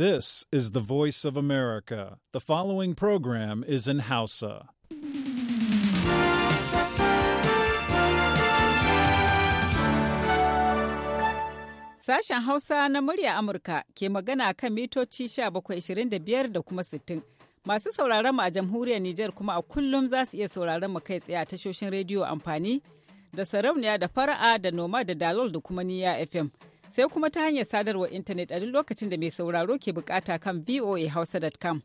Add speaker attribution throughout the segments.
Speaker 1: This is the voice of America. The following program is in Hausa.
Speaker 2: Sashen Hausa na murya Amurka ke magana kan mitoci 1725 da kuma 60. Masu sauraron mu a jamhuriyar Nijar kuma a kullum za su iya sauraron mu kai tsaye a tashoshin rediyo amfani da sarauniya da fara'a da noma da dalol da kuma niya FM. sai kuma ta hanyar sadarwar intanet a duk lokacin da mai sauraro ke bukata kan voahausa.com.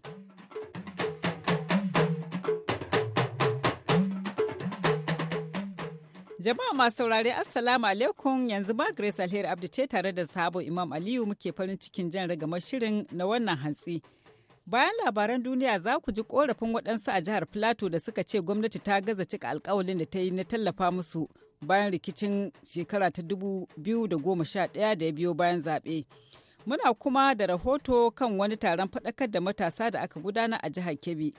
Speaker 2: Jama'a masu saurare Assalamu alaikum yanzu ma Grace Alheri Abdu ce tare da sabon Imam Aliyu muke farin cikin jan rigamar shirin na wannan hantsi. Bayan labaran duniya za ku ji korafin waɗansu a jihar Plateau da suka ce gwamnati ta gaza cika alkawalin da ta yi na tallafa musu bayan rikicin shekara ta 2011 da ya biyo bayan zaɓe. Muna kuma da rahoto kan wani taron faɗakar da matasa da aka gudana a jihar Kebbi.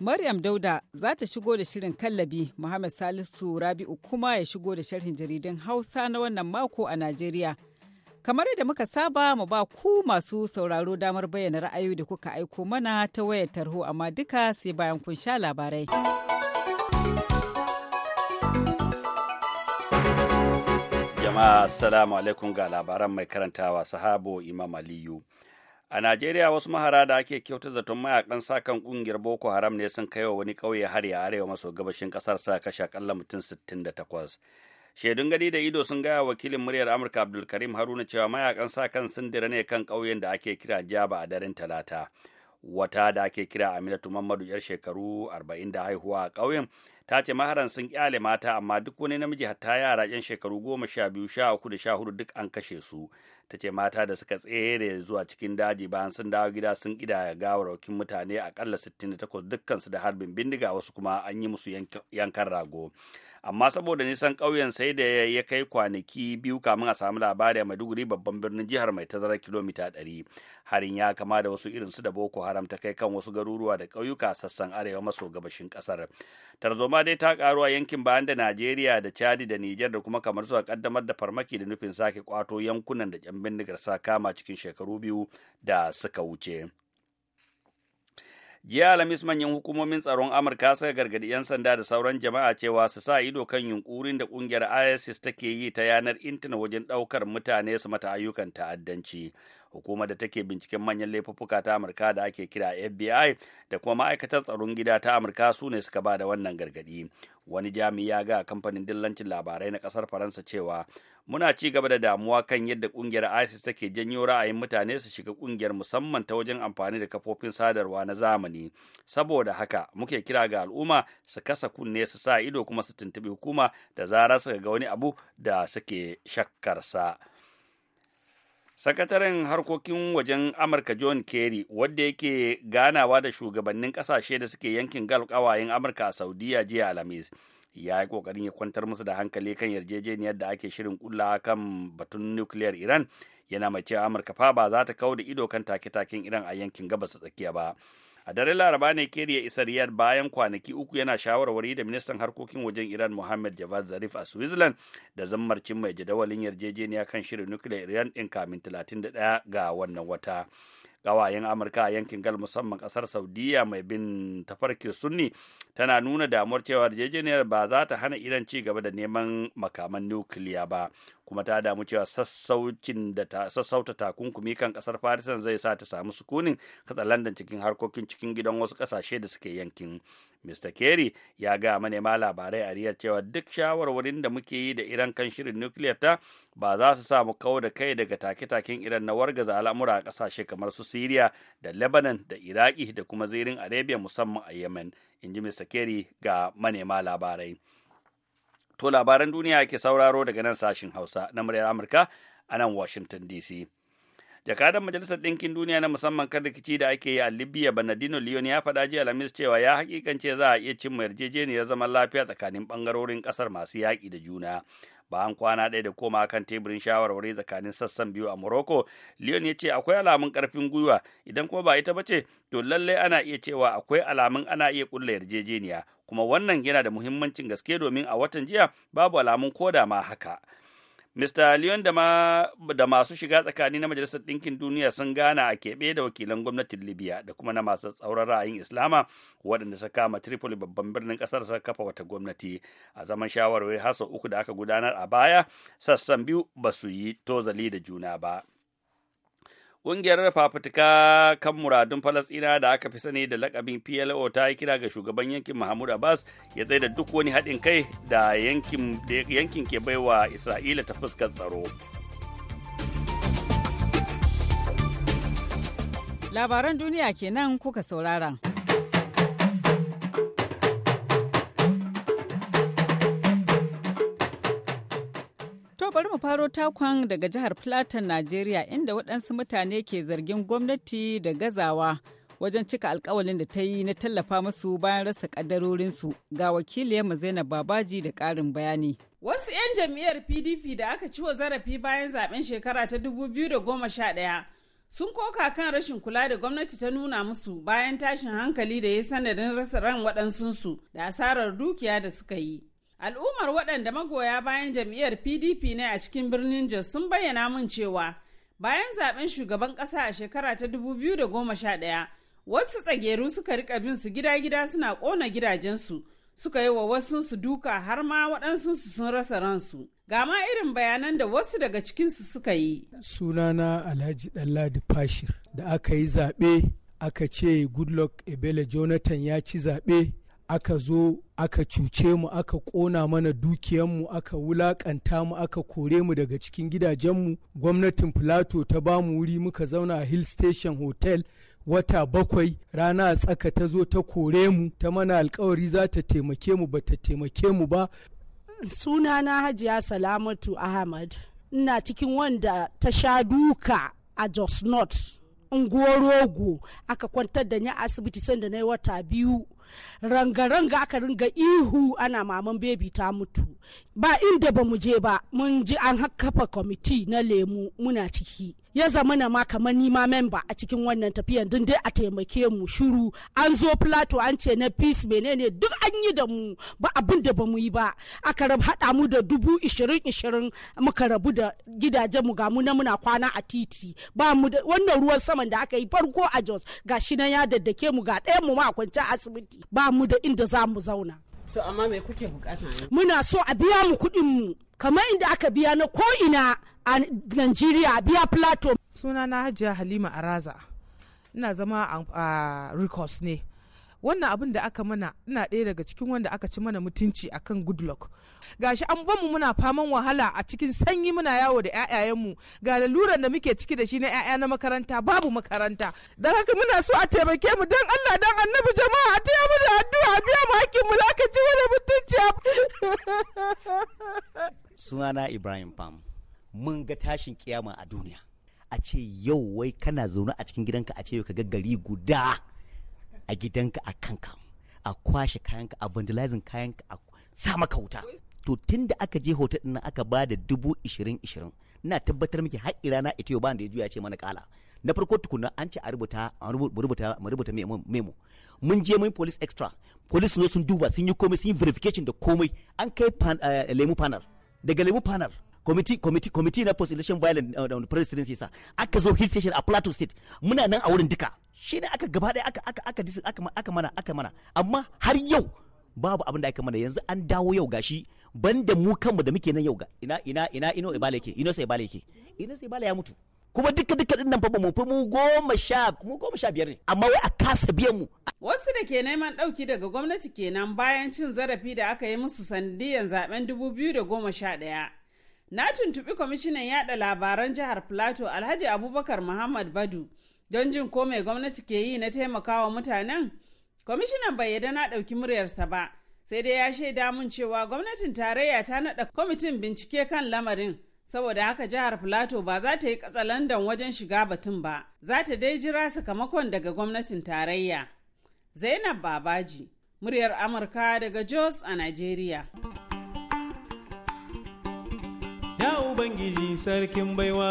Speaker 2: Maryam Dauda za ta shigo da shirin kallabi Muhammad Salisu Rabi'u kuma ya shigo da sharhin jaridun Hausa na wannan mako a Najeriya. Kamar yadda muka saba mu ba ku masu sauraro damar bayyana ra'ayoyi da kuka aiko mana ta wayar tarho amma duka sai bayan kun sha labarai.
Speaker 3: jama'a assalamu alaikum ga labaran mai karantawa sahabo imam aliyu a najeriya wasu mahara da ake kyauta zaton mayakan sakan kungiyar boko haram ne sun kai wa wani ƙauye har ya arewa maso gabashin kasar sa kashe akalla mutum sittin da takwas. shaidun gani da ido sun gaya wakilin muryar amurka abdulkarim haruna cewa mayakan sakan sun dira ne kan ƙauyen da ake kira jaba a daren talata wata da ake kira aminatu mamadu yar shekaru 40 da haihuwa a ƙauyen ta ce maharan sun kyale mata amma duk wani namiji hatta yara yan shekaru goma sha biyu sha uku da sha hudu duk an kashe su ta ce mata da suka tsere zuwa cikin daji bayan sun dawo gida sun gawar gawarwakin mutane akalla 68 dukkansu da harbin bindiga wasu kuma an yi musu yankan rago amma saboda nisan ƙauyen sai da ya kai kwanaki biyu kamin a samu labari a maiduguri babban birnin jihar mai tazarar kilomita 100 harin ya kama da wasu irin su da boko haram ta kai kan wasu garuruwa da ƙauyuka sassan arewa maso gabashin ƙasar tarzoma dai ta karu a yankin bayan da najeriya da chadi da niger da kuma kamar suka a kaddamar da farmaki da nufin sake kwato yankunan da 'yan bindigar sa kama cikin shekaru biyu da suka wuce. jiya alhamis manyan hukumomin tsaron amurka suka gargadi 'yan sanda da sauran jama'a cewa su sa ido kan yunkurin da kungiyar isis take yi ta yanar intanet wajen ɗaukar mutane su mata ayyukan ta'addanci hukumar da take binciken manyan laifuffuka ta amurka da ake kira fbi da kuma ma'aikatar tsaron gida ta amurka su ne suka ba da wannan gargadi wani jami'i ya ga kamfanin dillancin labarai na ƙasar faransa cewa muna ci gaba da damuwa kan yadda kungiyar isis take janyo ra'ayin mutane su shiga kungiyar musamman ta wajen amfani da kafofin sadarwa na zamani saboda haka muke kira ga al'umma su kasa kunne su sa ido kuma su tuntuɓi hukuma da zarar suka ga wani abu da suke shakkarsa. sakataren harkokin wajen amurka john kerry wadda yake ganawa da shugabannin kasashe da suke yankin gal kawayen amurka a saudiya jiya alhamis ya yi kokarin ya kwantar musu da hankali kan yarjejeniyar da ake shirin kulla kan batun nukiliyar iran yana mai cewa amurka fa ba za ta kawo da ido kan take-taken iran a yankin gabas tsakiya ba a daren laraba ne keri ya isa riyad bayan kwanaki uku yana shawarwari da ministan harkokin wajen iran mohammed javad zarif a switzerland da zammarcin mai jadawalin yarjejeniya kan shirin nukiliyar iran din kamin 31 ga wannan wata gawayen amurka a yankin gal musamman kasar saudiya mai bin tafarki sunni tana nuna damuwar cewa yarjejeniyar ba za ta hana iran ci gaba da neman makaman nukiliya ba kuma ta damu cewa sassaucin sassauta takunkumi kan kasar farisan zai sa ta samu sukunin katsalandan cikin harkokin cikin gidan wasu kasashe da suke yankin Mr. Kerry ya ga manema labarai a riyar cewa duk shawarwarin da muke yi da Iran kan shirin nukiliyar ta ba za su samu kawo da kai daga take-taken Iran na wargaza al'amura a ƙasashe kamar su Siriya da Lebanon da Iraki da kuma zirin Arabia musamman a Yemen. in ji mr kerry ga manema labarai to labaran duniya ke sauraro daga nan sashin hausa na muryar amurka a nan washington dc jakadan majalisar ɗinkin duniya na musamman kan rikici da ake yi a libya bernardino leon ya faɗa jiya alhamis cewa ya hakikance za a iya cimma yarjejeniyar zaman lafiya tsakanin ɓangarorin ƙasar masu yaƙi da juna bayan kwana ɗaya da koma kan teburin shawarwari tsakanin sassan biyu a morocco leon ya ce akwai alamun ƙarfin gwiwa idan kuma ba ita ba ce to lallai ana iya cewa akwai alamun ana iya ƙulla yarjejeniya kuma wannan yana da muhimmancin gaske domin a watan jiya babu alamun ko da ma haka Mr. Leon da, ma, da masu shiga tsakani na Majalisar Ɗinkin Duniya sun gana a keɓe da wakilan gwamnatin Libya da kuma na masu tsauran ra'ayin Islama waɗanda suka kama Tripoli babban birnin ƙasar suka kafa wata gwamnati a zaman shawarwari har sau uku da aka gudanar a baya sassan biyu ba su yi tozali da juna ba. Ƙungiyar fafutuka kan muradun Falasɗina da aka fi sani da lakabin PLO ta yi kira ga shugaban yankin Mahmud Abbas ya tsaye da duk wani haɗin kai da yankin ke baiwa Isra'ila ta fuskar tsaro.
Speaker 2: Labaran duniya kenan kuka saurara. To bari mu faro takwan daga jihar Plateau, Najeriya inda waɗansu mutane ke zargin gwamnati da gazawa wajen cika alkawalin da ta yi na tallafa musu bayan rasa ƙaddarorinsu ga wakiliyarmu Zainab Babaji da ƙarin bayani. Wasu
Speaker 4: 'yan jam'iyyar PDP da aka
Speaker 2: ci wa zarafi bayan
Speaker 4: zaben shekara ta 2011 sun koka kan rashin kula da gwamnati ta nuna musu bayan tashin hankali da ya sanadin rasa ran waɗansunsu da asarar dukiya da suka yi. Al'ummar waɗanda magoya bayan jam'iyyar PDP ne a cikin birnin Jos sun bayyana mun cewa bayan zaben shugaban ƙasa a shekara ta 2011 wasu tsageru suka rika bin su gida-gida suna ƙona gidajensu suka yi wa wasu su duka har ma waɗansu su sun rasa ransu. Ga ma irin bayanan da wasu daga cikinsu
Speaker 5: suka yi. Sunana Alhaji Ɗanladi Fashir da aka yi zaɓe aka ce Goodluck Ebele Jonathan ya ci zaɓe aka zo aka cuce mu aka ƙona mana dukiyanmu aka wulaƙanta mu aka kore mu daga cikin gidajenmu gwamnatin plateau ta ba mu wuri muka zauna a hill station hotel wata bakwai rana a tsaka ta zo ta kore mu ta mana alkawari za ta taimake mu ba ta taimake mu ba
Speaker 4: sunana hajiya
Speaker 5: salamatu ahmad ina cikin
Speaker 4: wanda ta sha duka a jos north rogo aka kwantar da ni asibiti sanda na wata biyu ranga-ranga aka ringa ihu ana maman bebi ta mutu ba inda ba mu je ba mun ji an kafa kwamiti na lemu muna ciki ya zama na ma kamar nima memba a cikin wannan tafiyan din dai a taimake mu shuru an zo plato an ce na peace menene duk an yi da mu ba abin da ba mu yi ba aka rab hada mu da dubu ishirin ishirin muka rabu da gidajen mu ga mu na muna kwana a titi ba mu da wannan ruwan saman da aka yi farko a Jos ga shi na ya daddake mu ga ɗayan mu ma kwance asibiti ba mu da inda za mu zauna to amma me kuke bukata
Speaker 6: muna so a biya mu kuɗin mu kamar inda aka biya na ko ina a Najeriya biya plato suna na Hajiya Halima Araza ina zama a Rikos ne wannan abin da aka mana ina ɗaya daga cikin wanda aka ci mana mutunci akan goodluck shi an bamu muna faman wahala a cikin sanyi muna yawo da ƴaƴayenmu ga laluran da muke ciki da shi na ƴaƴa na makaranta babu makaranta don haka muna so a taimake mu don Allah dan annabi jama'a a taya mu da addu'a biya mu hakkin mu aka ci mana mutunci
Speaker 7: a sunana Ibrahim Pam mun ga tashin kiyama a duniya a ce yau wai kana zaune a cikin gidanka a ce yau ka ga gari guda a gidanka a kanka a kwashe kayanka a vandalizing kayanka a sa maka wuta to tun da aka je hotel din aka ba da dubu ishirin ishirin na tabbatar miki har irana ita yau da ya juya ce mana kala na farko tukuna an ce a rubuta mu rubuta memo mun je mun police extra police sun sun duba sun yi komai sun yi verification da komai an kai eh, lemu panel daga lemu panel committee committee committee na post election violence uh, da presidency sa aka zo hill station a plateau state muna nan a wurin duka shi ne aka gaba ɗaya aka aka aka aka aka mana aka mana amma har yau babu abin da aka mana yanzu an dawo yau gashi banda mu kanmu da muke nan yau ga ina ina ina ino ibale yake ino sai ibale yake ino sai ibale ya mutu kuma duka duka din nan fa mu fi mu goma sha mu goma sha biyar ne amma wai a kasa biyan mu
Speaker 4: wasu da ke neman ɗauki daga gwamnati kenan bayan cin zarafi da aka yi musu sandiyan zaben 2011 Na tuntuɓi kwamishinan yada labaran jihar Plateau Alhaji Abubakar Muhammad Badu don jin ko mai gwamnati ke yi na taimakawa mutanen. Kwamishinan bai yadda na ɗauki muryarsa ba, sai dai ya shaida mun cewa gwamnatin tarayya ta naɗa kwamitin bincike kan lamarin. Saboda haka jihar Plateau ba za ta yi katsalandan wajen shiga batun ba, za ta dai jira sakamakon daga gwamnatin tarayya. Zainab Babaji, muryar Amurka daga Jos a
Speaker 2: Najeriya.
Speaker 8: ya ubangiji sarkin
Speaker 2: baiwa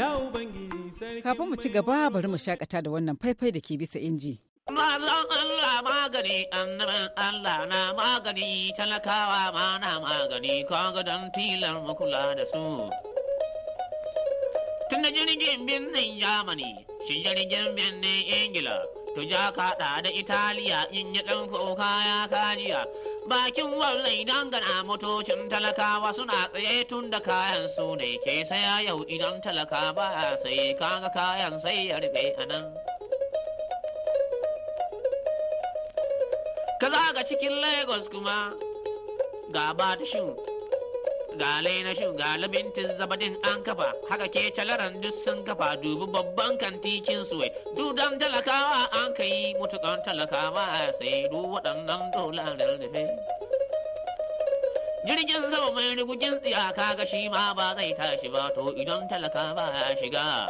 Speaker 2: ya
Speaker 9: ubangiji sarkin
Speaker 2: kafin mu ci gaba bari mu shakata da wannan faifai da ke bisa inji
Speaker 9: Mazan Allah magani, annabin Allah na magani, talakawa ma na magani, kaga don tilar makula da su. Tun da jirgin birnin Yamani, shi jirgin birnin Ingila, ja kaɗa da italiya in yi ɗan kuka ya kajiya bakin wallai gana motocin talakawa suna tsaye tun da kayan su ne ke saya yau idan talaka ba sai kaga kayan sai ya rufe a nan ka cikin lagos kuma ga ba ta ga na shin ga zabadin an kafa haka ke calaran duk sun kafa Dubu, babban kantikin Duk dudan talakawa an ka yi mutukan talakawa sai du waɗannan dolarar da jirgin sama mai rigujin tsiyaka ga shi ma ba zai tashi ba to idan talakawa ya shiga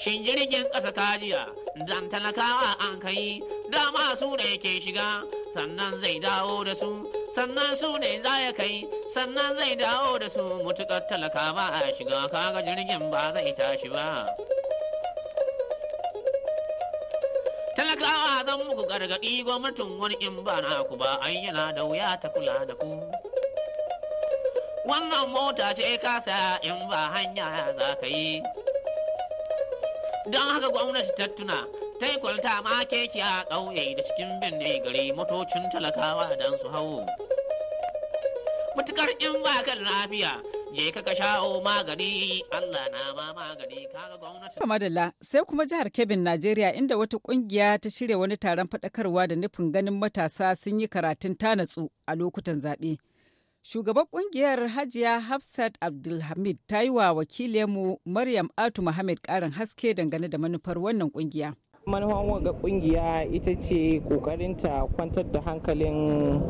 Speaker 9: shin jirgin ƙasa kajiya dan talakawa an kai dama su da yake shiga sannan zai dawo da su sannan su ne za ya kai sannan zai dawo da su mutuƙar talaka ba a shiga kaga jirgin ba zai tashi ba talakawa zan muku gargaɗi gwamnatin wani in ba na ku ba an yana da wuya ta kula da ku wannan mota ce kasa in ba hanya za ka yi don haka gwamnati ta tuna ta yi kwalta ma keke a ƙauye da cikin binne gari motocin talakawa don su hau. mutukar in ba ka lafiya je ka sha'o magani Allah na ma magani kaga gwamnati.
Speaker 2: dalla sai kuma jihar Kebbi Najeriya inda wata kungiya ta shirya wani taron fadakarwa da nufin ganin matasa sun yi karatun tanatsu a lokutan zaɓe. Shugaban kungiyar Hajiya Hafsat Abdulhamid ta yi wa wakilinmu Maryam Atu Muhammad ƙarin haske dangane da manufar wannan kungiya.
Speaker 6: manufan wanga kungiya ita ce ta kwantar da hankalin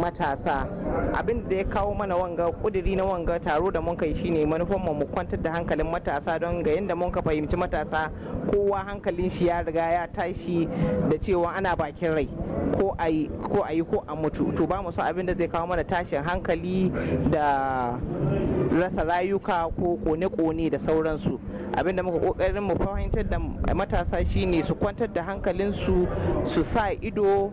Speaker 6: matasa abin da ya kawo mana wanga kuduri na wanga taro da mun kai shine manufan mu kwantar da hankalin matasa don ga yanda mun ka fahimci matasa kowa hankalin shi ya riga ya tashi da cewa ana bakin rai ko a yi ko a mutu to ba mu so abin da zai kawo mana tashin hankali da rasa rayuka ko kone-kone da sauransu abin da muka kokarin mu fahimtar da matasa shine su kwantar da hankalinsu su sa ido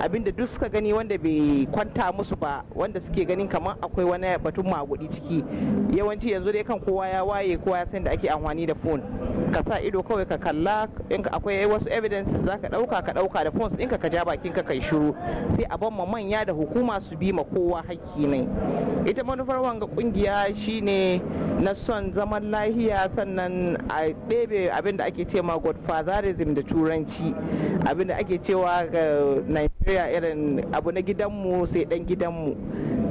Speaker 6: abinda duk suka gani wanda bai kwanta musu ba wanda suke ganin kamar akwai wani batun magudi ciki yawanci yanzu dai kan kowa ya waye kowa ya san da ake amfani da phone ka sa ido kawai ka kalla in akwai wasu evidence za ka ɗauka ka ɗauka da phones ɗinka ka ja bakin ka kai shiru sai a ban manya da hukuma su bi ma kowa hakki ne ita manufar wanga kungiya shine na son zaman lahiya sannan a ɗebe abin da ake cewa godfatherism da turanci abin da ake cewa ga nigeria irin abu na gidanmu sai ɗan gidanmu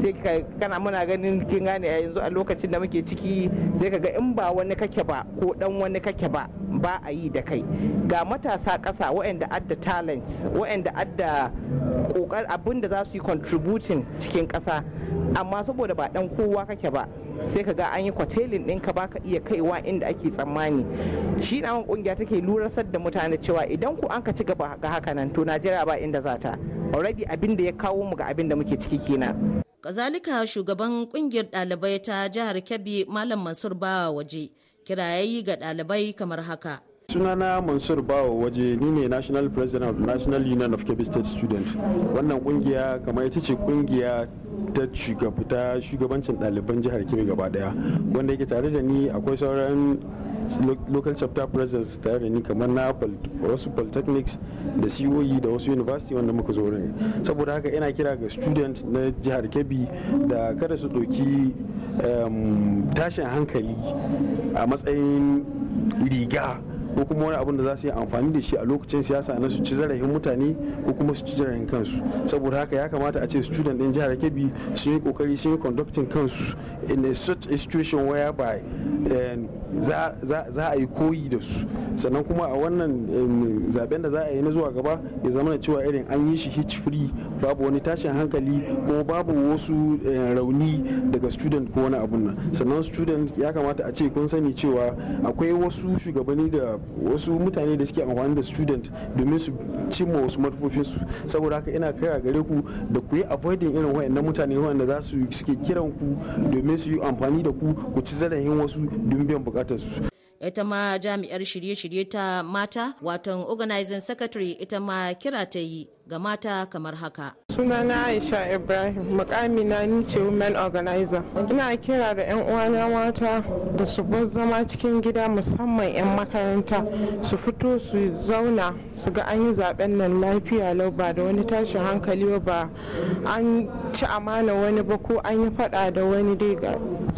Speaker 6: sai ka kana muna ganin kin gane a yanzu a lokacin da muke ciki sai ka ga in ba wani kake ba ko dan wani kake ba ba a yi da kai ga matasa ƙasa waɗanda adda talent waɗanda adda kokar abin da za su yi contributing cikin ƙasa amma saboda ba dan kowa kake ba sai ka ga an yi kwatelin ɗin ka baka iya kaiwa inda ake tsammani shi na kungiya take lurasar da mutane cewa idan ku an ka ci gaba ga haka nan to najeriya ba inda za ta already abin da ya kawo mu ga abin da muke ciki kenan
Speaker 10: Kazalika shugaban kungiyar dalibai ta jihar Kebbi Malam Mansur Bawa waje kirayayi ga dalibai kamar haka.
Speaker 8: sunana mansur bawa waje ni ne national president of national union of kebbi state student wannan kungiya kamar ita ce kungiya ta shugabancin daliban jihar kebbi gaba daya wanda yake tare da ni akwai sauran local chapter presidents tare da ni kamar na wasu polytechnics da coe da wasu university wanda muka zo ne saboda haka ina kira ga student na jihar kebbi da kada su ɗauki tashin hankali a matsayin riga ko kuma wani abin da za su yi amfani da shi a lokacin siyasa na su ci zarafin mutane ko kuma su ci zarafin kansu saboda haka ya kamata a ce student din jihar kebbi sun yi kokari sun yi conducting kansu in a such a situation whereby za a yi koyi da su sannan kuma a wannan zaben da za a yi na zuwa gaba ya zama da cewa irin an yi shi hitch free babu wani tashin hankali ko babu wasu rauni daga student ko wani abun nan sannan student ya kamata a ce kun sani cewa akwai wasu shugabanni da wasu mutane da suke amfani da student domin su cimma wasu manufofinsu saboda haka ina kira gare ku da ku yi avoiding irin wayannan mutane wanda za su suke kiran ku domin su yi amfani da ku ku ci zarafin wasu don biyan bukatu bukatar su
Speaker 10: ita ma jami'ar shirye-shirye ta mata watan organizing secretary ita ma kira ta yi ga mata kamar haka
Speaker 6: suna na aisha ibrahim mukami na ni ce women organizer ina kira da yan uwana mata da su bar zama cikin gida musamman yan makaranta su fito su zauna su ga an yi zaben nan lafiya lau ba da wani tashin hankali ba an ci amana wani ba ko an yi fada da wani dai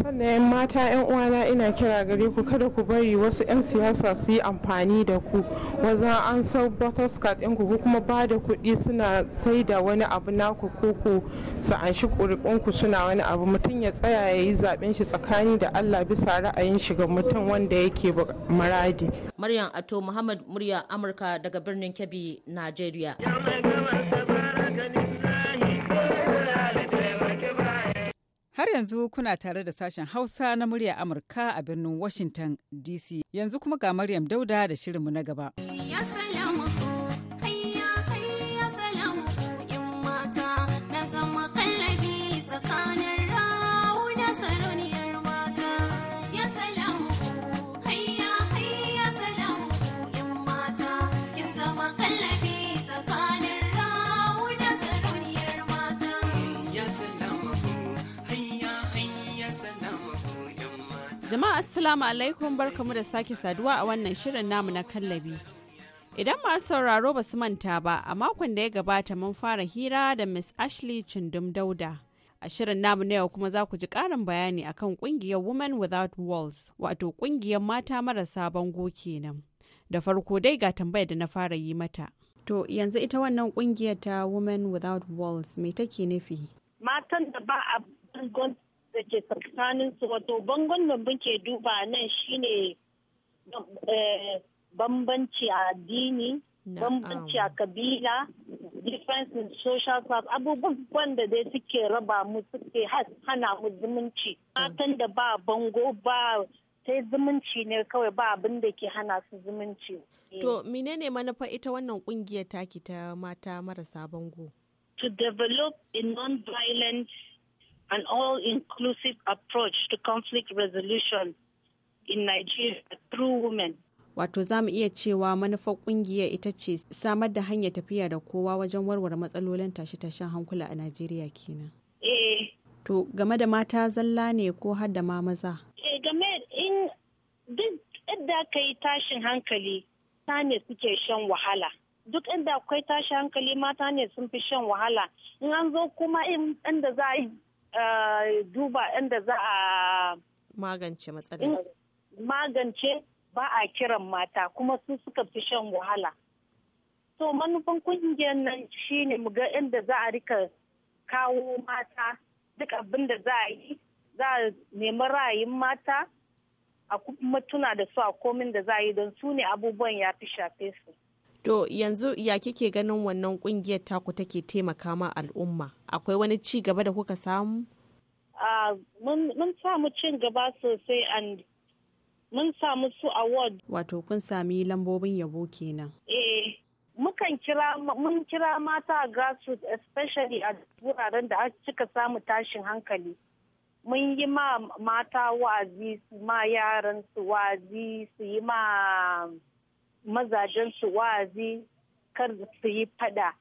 Speaker 6: sannan mata yan uwana ina kira gare ku kada ku bari wasu yan siyasa su yi amfani da ku wajen an sau butterscotch ɗinku ku kuma ba da kuɗi suna sai da wani abu abu naku ku su an shi ƙuri'unku suna wani abu mutum ya tsaya ya yi zaɓen shi tsakani da Allah bisa ra'ayin shi ga mutum wanda yake maradi.
Speaker 10: Maryam Ato Muhammad murya Amurka daga birnin Kebbi, Najeriya.
Speaker 2: Har yanzu kuna tare da sashen Hausa na murya Amurka a birnin Washington DC. Yanzu kuma ga Maryam Dauda da shirinmu na gaba.
Speaker 10: assalamu alaikum barkamu da sake saduwa a wannan shirin namu na kallabi. Idan masu sauraro ba su manta ba a makon da ya gabata mun fara hira da Miss Ashley Chindum Dauda. A shirin namu na yau kuma za ku ji ƙarin bayani akan ƙungiyar Women Without Walls wato ƙungiyar mata marasa bango kenan. Da farko dai ga tambayar da na fara yi mata. To yanzu ita wannan ƙungiyar ta Women Without Walls me take nufi?
Speaker 1: Matan da ba a da ke tsakanin su wato bangon da muke duba nan shine eh, bambanci a addini bambanci a kabila difference in social class abubuwan da dai suke raba mu suke hana mu zumunci matan da ba bango ba sai zumunci ne kawai ba abin da ke hana su zumunci eh. to
Speaker 10: menene manufa ita wannan kungiyar taki ta mata marasa
Speaker 1: bango to develop a non-violent an all-inclusive approach to conflict resolution in Nigeria through women.
Speaker 10: Wato za mu iya cewa manufar kungiyar ita ce samar da hanyar tafiya da kowa wajen warware matsalolin tashe-tashen hankula a Najeriya kenan. Eh. To game da mata zalla ne ko har da ma maza?
Speaker 1: Eh game in duk inda ka yi tashin hankali ta ne suke shan wahala. duk inda akwai tashi hankali mata ne sun fi shan wahala in an zo kuma in inda za a yi duba inda za a
Speaker 10: magance matsalin
Speaker 1: Magance ba a kiran mata kuma su suka fi shan wahala. So manufan kungiyar nan shine mu ga inda za a rika kawo mata duk abin da za a yi za a nemi ra'ayin mata a kuma tuna da su a komin da za a yi don su ne abubuwan ya fi shafe su.
Speaker 10: To yanzu ya kike ganin wannan kungiyar taku take taimaka ma al'umma? Akwai wani ci gaba da kuka samu?
Speaker 1: Mun samu cin gaba sosai and mun samu su award.
Speaker 10: Wato kun sami lambobin yabo kenan.
Speaker 1: Eh, mukan kira mun kira mata a grassroots especially a wuraren da cika samu tashin hankali. Mun yi ma mata wa'azi su ma yaran su wa'azi su yi ma mazajen su wa'azi kar su yi fada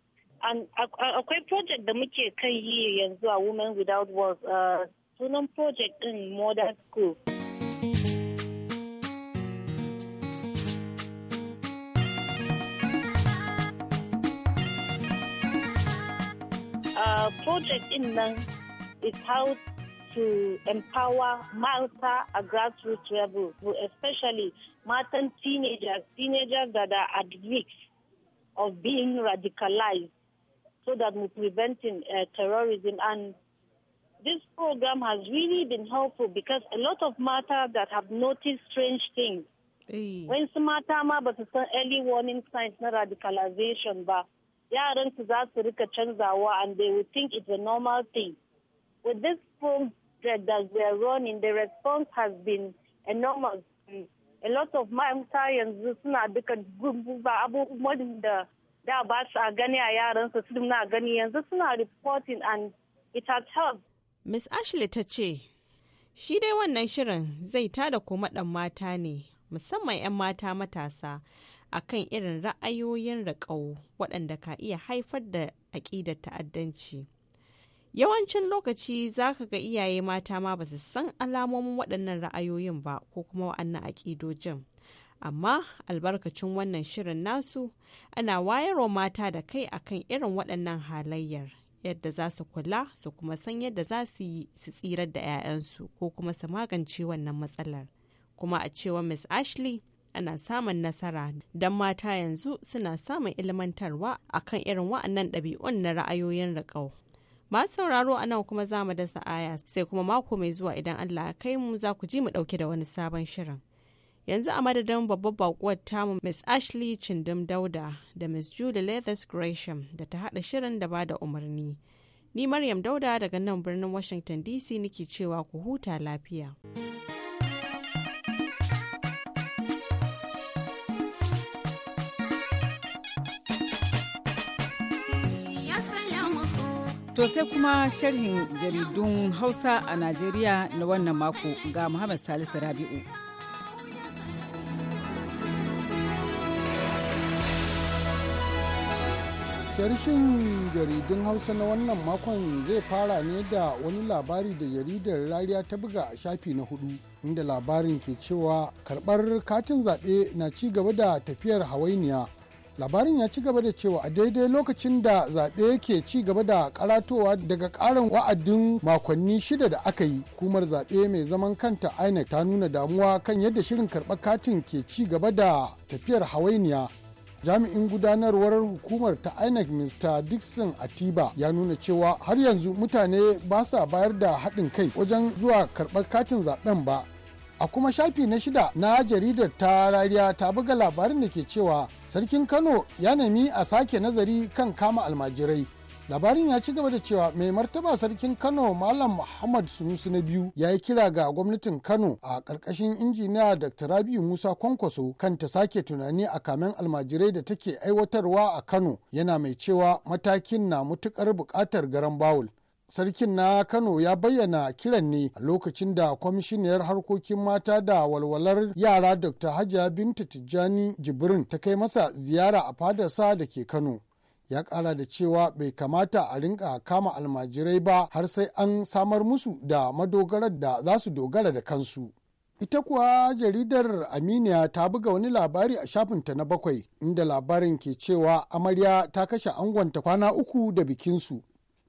Speaker 1: akwai project da muke kan yi yanzu a women without walls sunan project in modern school project in nan is how to empower Malta a grassroots level, especially Martin teenagers, teenagers that are at risk of being radicalized so that we're preventing uh, terrorism. And this program has really been helpful because a lot of mothers that have noticed strange things. Hey. When some mata but it's an early warning signs not radicalization ba, yaran su za su rika canzawa and they will think it's a normal thing. With this program that we're running, the response has been enormous. a lot of ma'aikata yanzu suna duka ba abubuwan da da ba su a gani a yaransu su na gani yanzu suna reporting and it has helped.
Speaker 10: Miss Ashley ta ce, shi dai wannan shirin zai tada kuma ɗan mata ne musamman 'yan mata matasa akan irin ra'ayoyin raƙau waɗanda ka iya haifar da aƙidar ta'addanci. Yawancin lokaci za ka ga iyaye mata ma ba su san alamomin waɗannan ra'ayoyin ba ko kuma wa'annan aƙidojin. Amma albarkacin wannan shirin nasu ana wayarwa mata da kai akan irin waɗannan halayyar yadda za su kula su kuma san yadda za su yi su tsirar da 'ya'yansu ko kuma su magance wannan matsalar. Kuma a cewa Miss Ashley ana samun nasara don mata yanzu suna samun ilmantarwa akan irin wa'annan ɗabi'un na ra'ayoyin rikau masu sauraro a nan kuma za mu dasa aya sai kuma mako mai zuwa idan Allah ya kai mu za ku ji mu ɗauki da wani sabon shirin. Yanzu a madadin babbar bakuwar tamu Miss Ashley Chindum Dauda da Miss Julie Leathers Gresham da ta haɗa shirin da ba da umarni. Ni Maryam Dauda daga nan birnin Washington DC nake cewa ku huta lafiya.
Speaker 2: To sai kuma sharhin jaridun Hausa a Najeriya na wannan mako ga Muhammad Salisu Rabi'u.
Speaker 5: Sharshin jaridun Hausa na wannan makon zai fara ne da wani labari da jaridar rariya ta buga a shafi na hudu, inda labarin ke cewa karbar katin zaɓe na ci gaba da tafiyar hawainiya labarin ya ci gaba da cewa a daidai lokacin da zaɓe ke ci gaba da karatowa daga ƙarin wa'adin makonni shida da aka yi hukumar zaɓe mai zaman kanta inec ta nuna damuwa kan yadda shirin karɓar katin ke ci gaba da tafiyar hawainiya jami'in gudanarwar hukumar ta inec mr dixon atiba ya nuna cewa har yanzu mutane ba sa bayar da haɗin kai wajen zuwa karɓar katin zaɓen ba a kuma shafi na shida na jaridar ta rariya ta buga labarin da ke cewa sarkin kano ya nemi a sake nazari kan kama almajirai labarin ya ci gaba da cewa mai martaba sarkin kano malam muhammad sunusu na biyu ya yi kira ga gwamnatin kano a ƙarƙashin injiniya dr rabiu musa kwankwaso kan ta sake tunani a kamen almajirai da take aiwatarwa a kano yana mai cewa matakin na matukar buƙatar garan bawul sarkin na kano ya bayyana kiran ne a lokacin da kwamishiniyar harkokin mata da walwalar yara dr hajiya binta tijjani jibrin ta kai masa ziyara a fadarsa da ke kano ya kara da cewa bai kamata a rinka kama almajirai ba har sai an samar musu da madogarar da za su dogara da kansu ita kuwa jaridar aminiya ta buga wani labari a shafinta na bakwai inda labarin ke cewa amarya ta kashe angonta kwana uku da bikinsu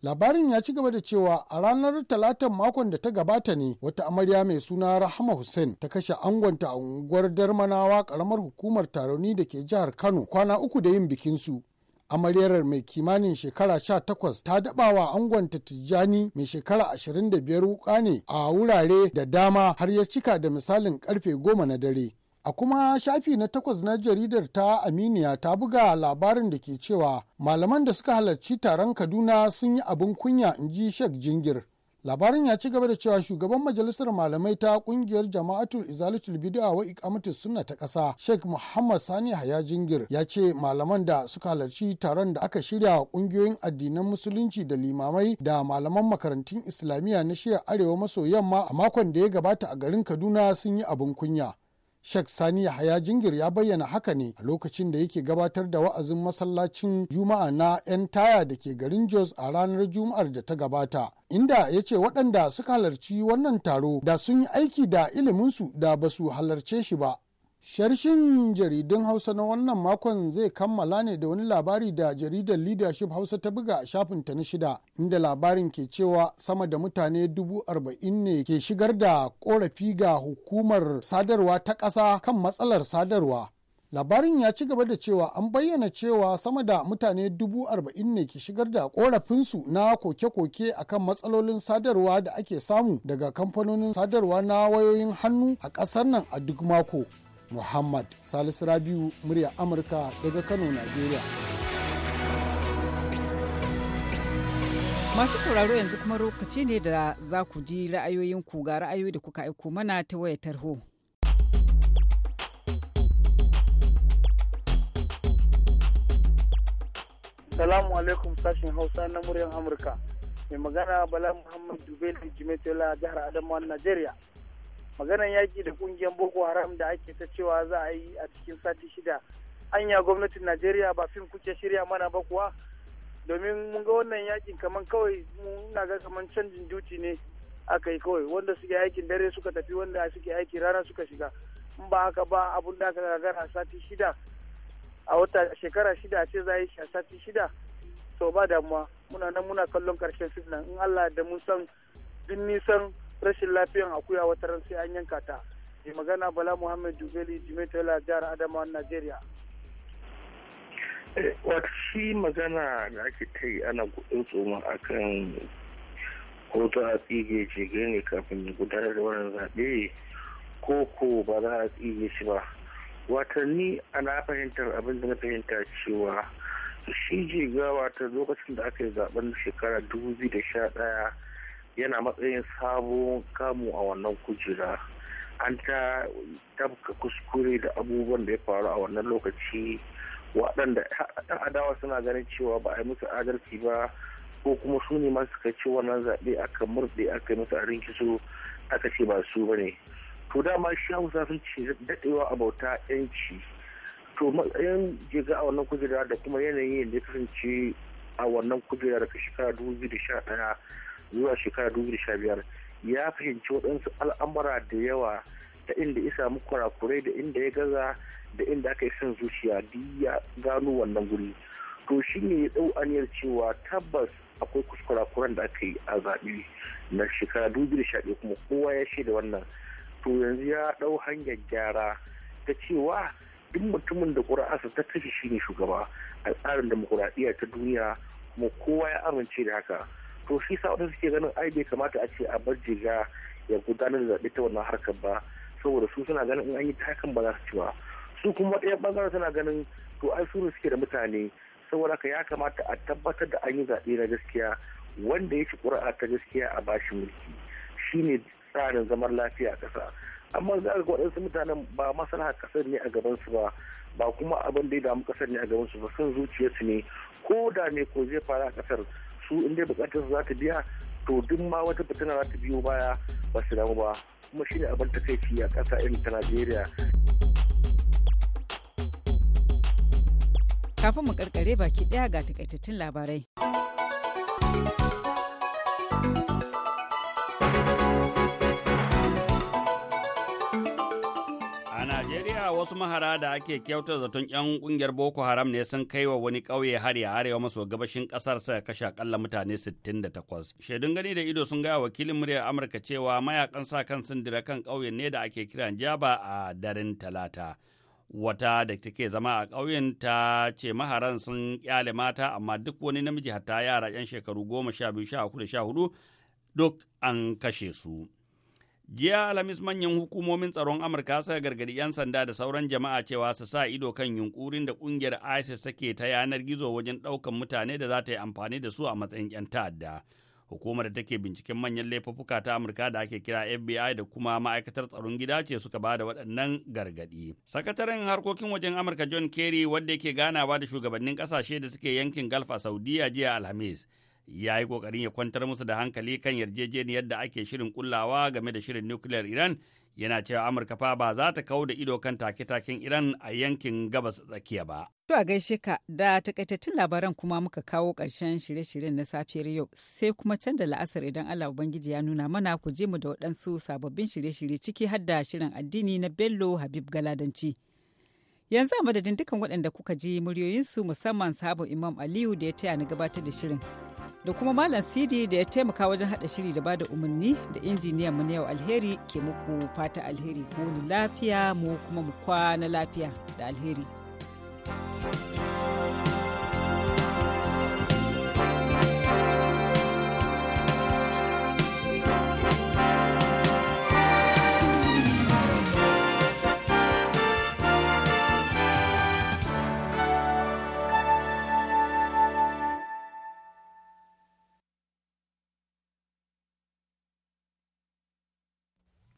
Speaker 5: labarin ya ci gaba da cewa a ranar talatan makon da ta gabata ne wata amarya mai suna rahama hussein ta kashe angonta a unguwar darmanawa karamar hukumar taroni da ke jihar kano kwana uku da yin bikinsu amaryar mai kimanin shekara sha takwas ta dabawa angonta tijjani mai shekara ashirin da biyar wuka ne a wurare da dama har ya cika da misalin karfe goma na dare A kuma shafi na takwas na jaridar ta Aminiya ta buga labarin da ke cewa malaman da suka halarci taron Kaduna sun yi abin kunya in ji Sheikh Jingir. Labarin ya ci gaba da cewa shugaban majalisar malamai ta kungiyar jama'atul izalatul bid'a wa iqamatus sunna ta ƙasa Sheikh Muhammad Sani Haya Jingir ya ce malaman da suka halarci taron da aka shirya wa kungiyoyin addinan musulunci da limamai da malaman makarantun islamiyya na shiya arewa maso yamma a makon da ya gabata a garin Kaduna sun yi abin kunya. Sheikh Sani Yahaya Jingir ya bayyana haka ne a lokacin da yake gabatar da wa'azin masallacin Juma'a na 'yan taya da ke garin Jos a ranar Juma'ar da ta gabata. Inda ya ce waɗanda suka halarci wannan taro da sun yi aiki da iliminsu da basu halarce shi ba Sharshin jaridun Hausa na wannan makon zai kammala ne da wani labari da jaridar Leadership Hausa ta buga a ta na shida, inda labarin ke cewa sama da mutane dubu arba'in ne ke shigar da korafi ga hukumar sadarwa ta ƙasa kan matsalar sadarwa. labarin ya ci gaba da cewa an bayyana cewa sama da mutane dubu arba'in ne ke shigar da korafinsu na koke-koke akan matsalolin sadarwa da ake samu daga kamfanonin sadarwa na wayoyin hannu a ƙasar nan a duk mako Muhammad Salisu Rabiu murya Amurka daga Kano, Najeriya.
Speaker 2: Masu sauraro yanzu kuma lokaci ne da za ku ji ra'ayoyinku ga ra'ayoyi da kuka aiko mana ta waya tarho.
Speaker 5: Salamu alaikum sashen Hausa na muryar Amurka. Mai magana Bala Muhammad Dubeli Jimetola jihar Adamawa, Najeriya. maganan yaƙi da ƙungiyar boko haram da ake ta cewa za a yi a cikin sati shida anya gwamnatin najeriya ba fim kuke shirya mana ba kuwa domin mun ga wannan yaƙin kaman kawai muna ga kaman canjin duti ne aka yi kawai wanda suke aikin dare suka tafi wanda suke aiki rana suka shiga in ba haka ba abun da aka gagara sati shida a wata shekara shida ce za a yi a sati shida to ba damuwa muna nan muna kallon karshen fim in allah da mun san duk nisan rashin lafiyan akuya wata ran sai an yanka ta ke magana bala muhammad jubeli jimetola jihar adamawa nigeria.
Speaker 11: Eh, wata shi magana da ake ta yi ana gudun tsoma a kan hoto a tsige jirgin ne kafin gudanar da wannan zaɓe ko ko ba za a tsige shi ba watanni ana fahimtar abin da na fahimta cewa shi jigawa ta lokacin da aka yi zaben shekara 2011 yana matsayin sabon kamu a wannan kujera an ta tabka kuskure da abubuwan da ya faru a wannan lokaci waɗanda ɗan adawa suna ganin cewa ba a yi musu adalci ba ko kuma su ne masu suka wannan zaɓe aka murɗe aka yi musu a rinkisu aka ce ba su ba ne to dama shi hausa sun ce daɗewa a bauta yanci to matsayin jiga a wannan kujera da kuma yanayin da ya kasance a wannan kujera daga shekara dubu biyu zuwa shekara dubu sha biyar ya fahimci waɗansu al'amura da yawa da inda ya samu kurakurai da inda ya gaza da inda aka yi son zuciya duk ya gano wannan guri to shi ne ya ɗau aniyar cewa tabbas akwai kuskurakuran da aka yi a zaɓe na shekara dubu da biyar kuma kowa ya shaida wannan to yanzu ya ɗau hanyar gyara ta cewa duk mutumin da ƙuri'arsa ta kashe shi ne shugaba a tsarin demokuraɗiyya ta duniya kuma kowa ya amince da haka to shi sa wasu suke ganin ai bai kamata a ce a bar jiga ya gudanar da zaɓe ta wannan harkar ba saboda su suna ganin in an yi takan ba za su ci ba su kuma ɗaya ɓangaren suna ganin to ai su ne suke da mutane saboda ka ya kamata a tabbatar da an yi zaɓe na gaskiya wanda ya ci ƙuri'a ta gaskiya a bashi mulki shine tsarin zaman lafiya a ƙasa amma za ga waɗansu mutanen ba maslahar ƙasar ne a gabansu ba ba kuma abin da ya damu ƙasar ne a gabansu ba son zuciyarsu ne ko da me ko zai fara a ƙasar su in dai bukatar za ta biya to duk ma wata fitina za ta biyo baya ba su damu ba kuma shine abin takaici a ƙasa irin ta Najeriya.
Speaker 2: Kafin mu karkare baki ɗaya ga takaitattun labarai.
Speaker 3: wasu mahara da ake kyautar zaton 'yan kungiyar Boko Haram ne sun kai wa wani ƙauye hari a arewa maso gabashin ƙasar ya kashe akalla mutane 68. Shaidun gani da ido sun gaya wakilin muryar Amurka cewa mayakan sa kan sun dira kan ƙauyen ne da ake kiran Jaba a daren Talata. Wata da take zama a ƙauyen ta ce maharan sun ƙyale mata amma duk wani namiji hatta yara 'yan shekaru goma sha biyu sha hudu sha duk an kashe su. Jiya Alhamis manyan hukumomin tsaron Amurka suka gargadi 'yan sanda da sauran jama'a cewa su sa ido kan yunkurin da ƙungiyar ISIS take ta yanar gizo wajen ɗaukan mutane da za ta yi amfani da su a matsayin 'yan ta'adda. Hukumar da take binciken manyan laifuffuka ta Amurka da ake kira FBI da kuma ma'aikatar tsaron gida ce suka ba da waɗannan gargaɗi. Sakataren harkokin wajen Amurka John Kerry wadda yake ganawa da shugabannin ƙasashe da suke yankin Gulf a Saudiya jiya Alhamis. ya yi ƙoƙarin ya kwantar musu da hankali kan yarjejeniyar da ake shirin kullawa game da shirin nukiliyar Iran yana cewa Amurka fa ba za ta kau da ido kan take-taken Iran a yankin gabas tsakiya ba.
Speaker 2: To a gaishe ka da takaitattun labaran kuma muka kawo ƙarshen shirye-shiryen na safiyar yau sai kuma can da la'asar idan Allah Ubangiji ya nuna mana ku je mu da waɗansu sababbin shirye-shirye ciki har da shirin addini na Bello Habib Galadanci. Yanzu a madadin dukan waɗanda kuka ji muryoyinsu musamman sabon Imam Aliyu da ya taya ni gabatar da shirin. da kuma Malam Sidi da ya taimaka wajen hada shiri da bada umarni da injiniyan mu na yau alheri ke muku fata alheri ko lafiya mu kuma mu kwana lafiya da alheri.